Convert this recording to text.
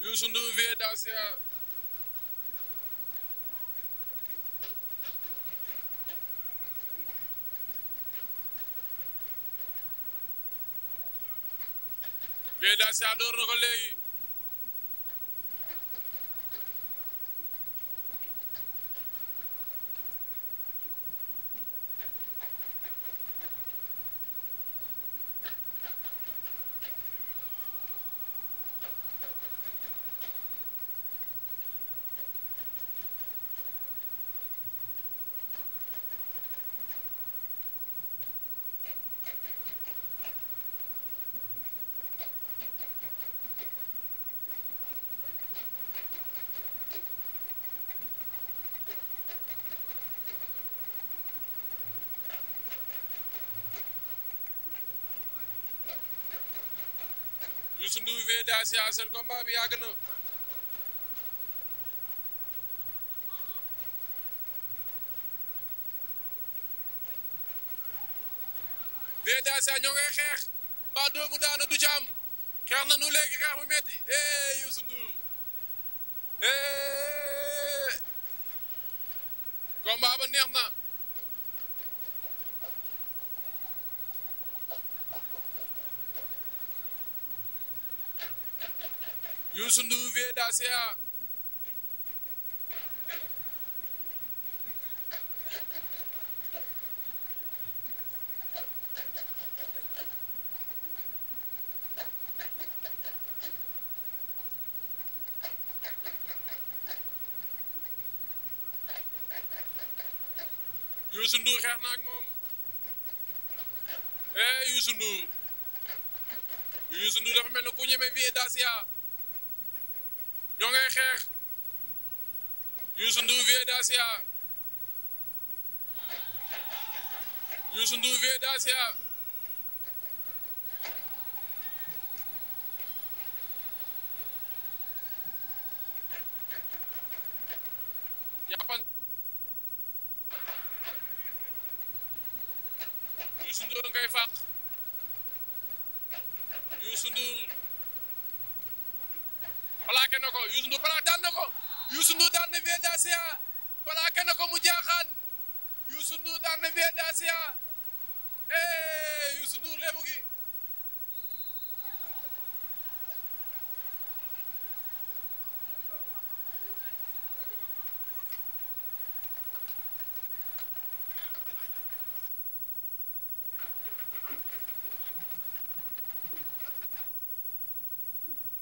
Youssou Ndour vie daa siyaar vie daa siyaar Gueye daa si seen combat bi yàgg na Gueye daa si ñoo ngay xeex ba doomu daana du ci am xeex na nu léegi xeex bu metti eh Youssou Ndour Youssou Ndour Vieux Dacia Youssou Ndour xeex na ak moom eh Youssou Ndour Youssou Ndour dafa mel ne ku ñeme Vieux Dacia ñoo ngay xeex Youssou Ndour Vieux Dacia Youssou Ndour Vieux Dacia yàppan Youssou Ndour ngay fàq Youssou Ndour plaqué na ko Youssou Ndour plaqué daan na ko Youssou Ndour daan na Vieda Sia plaqué na ko mu jaaxaan Youssou Ndour daan na Vieda Sia eh Youssou Ndour lébu gi